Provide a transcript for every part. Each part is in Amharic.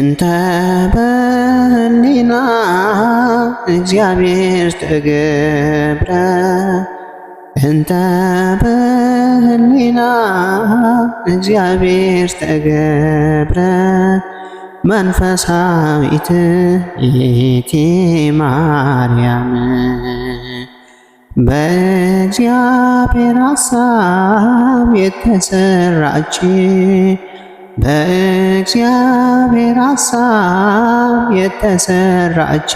እንተ በህሊና እግዚአብሔር ተገብረ እንተ በህሊና እግዚአብሔር ተገብረ መንፈሳዊት ይእቲ ማርያም በእግዚአብሔር ሐሳብ የተሰራች በእግዚአብሔር አሳብ የተሰራች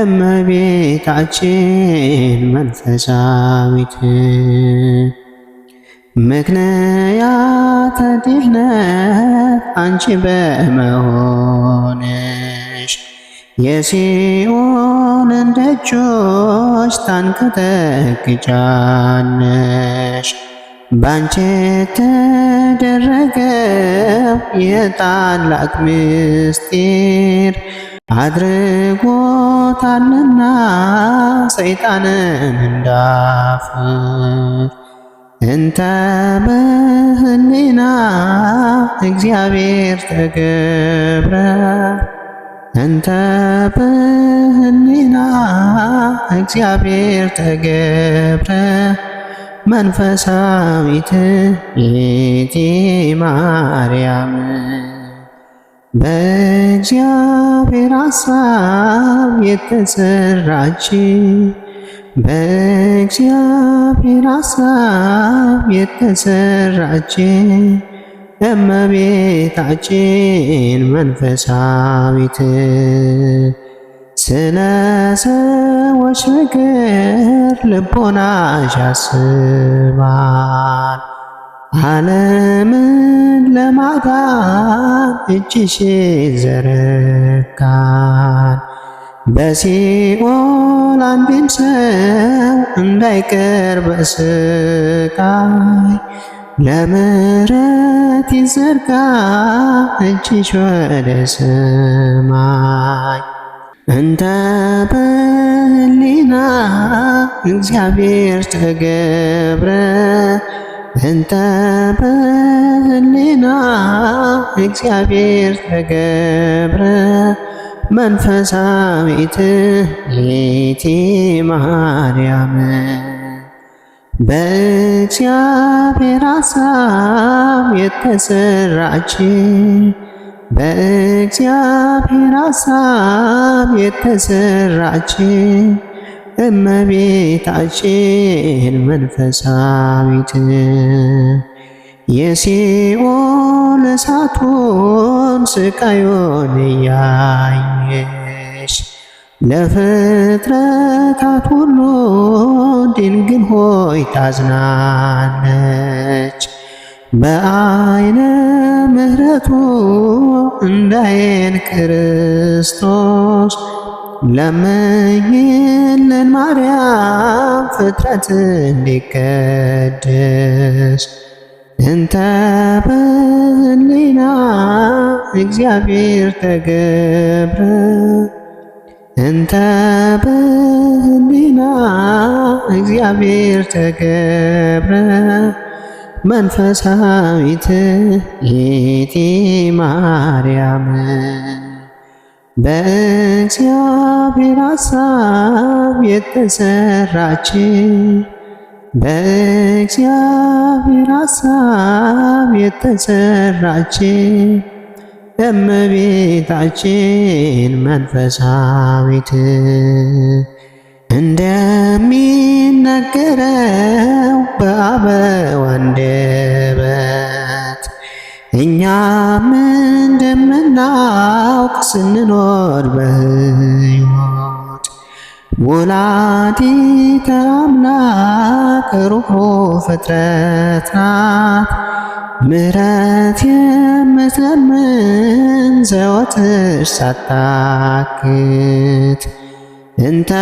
እመቤታችን መንፈሳዊት ምክንያተ ድኅነት አንቺ በመሆንሽ የሲኦልን ደጆች ታንቀጠቅጫለሽ። ባንቺ ተደረገ የታላቅ ምስጢር አድርጎታልና ሰይጣንን እንዳፍ እንተ በህሊና እግዚአብሔር ተገብረ እንተ በህሊና እግዚአብሔር ተገብረ መንፈሳዊት እቴ ማርያም በእግዚአብሔር ሐሳብ የተሰራች በእግዚአብሔር ሐሳብ የተሰራች እመቤታችን መንፈሳዊት ስለ ሰዎች ፍቅር ልቦናሽ ያስባል። ዓለምን ለማዳን እጅሽ ዘረጋል። በሲኦል አንድም ሰው እንዳይቀር በስቃይ ለምሕረት ይዘርጋ እጅሽ ወደ ሰማይ እንተ በህሊና እግዚአብሔር ተገብረ እንተ በህሊና እግዚአብሔር ተገብረ መንፈሳዊት ሌቲ ማርያም በእግዚአብሔር ሐሳብ የተሰራች በእግዚአብሔር ሐሳብ የተሰራች እመቤታችን መንፈሳዊት የሲኦል እሳቱን ስቃዩን እያየሽ ለፍጥረታት ሁሉ ድንግል ሆይ ታዝናለች። በአይነ ምሕረቱ እንዳይን ክርስቶስ ለምኝልን ማርያም ፍጥረት እንዲቀደስ እንተ በህሊና እግዚአብሔር ተገብረ እንተ በህሊና እግዚአብሔር ተገብረ መንፈሳዊት ጌጤ ማርያም በእግዚአብሔር ሐሳብ የተሰራች በእግዚአብሔር ሐሳብ የተሰራች እመቤታችን መንፈሳዊት እንደሚነገረው በአበው አንደበት እኛም እንደምናውቅ ስንኖር በሕይወት ወላዲተ አምላክ ርኅሩኅ ፍጥረት ናት። ምሕረት የምትለምን ዘወትር ሳታክት እንተ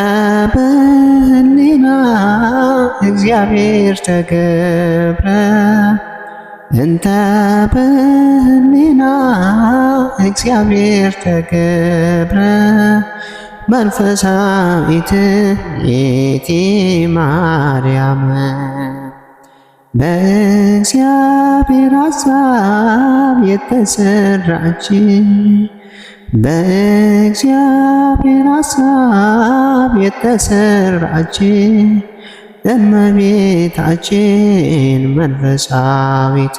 በህሊና እግዚአብሔር ተገብረ እንተ በህሊና እግዚአብሔር ተገብረ መንፈሳዊት ቤቲ ማርያም በእግዚአብሔር ሐሳብ የተሰራች በእግዚአብሔር ሐሳብ የተሰራችን እመቤታችን መንፈሳዊት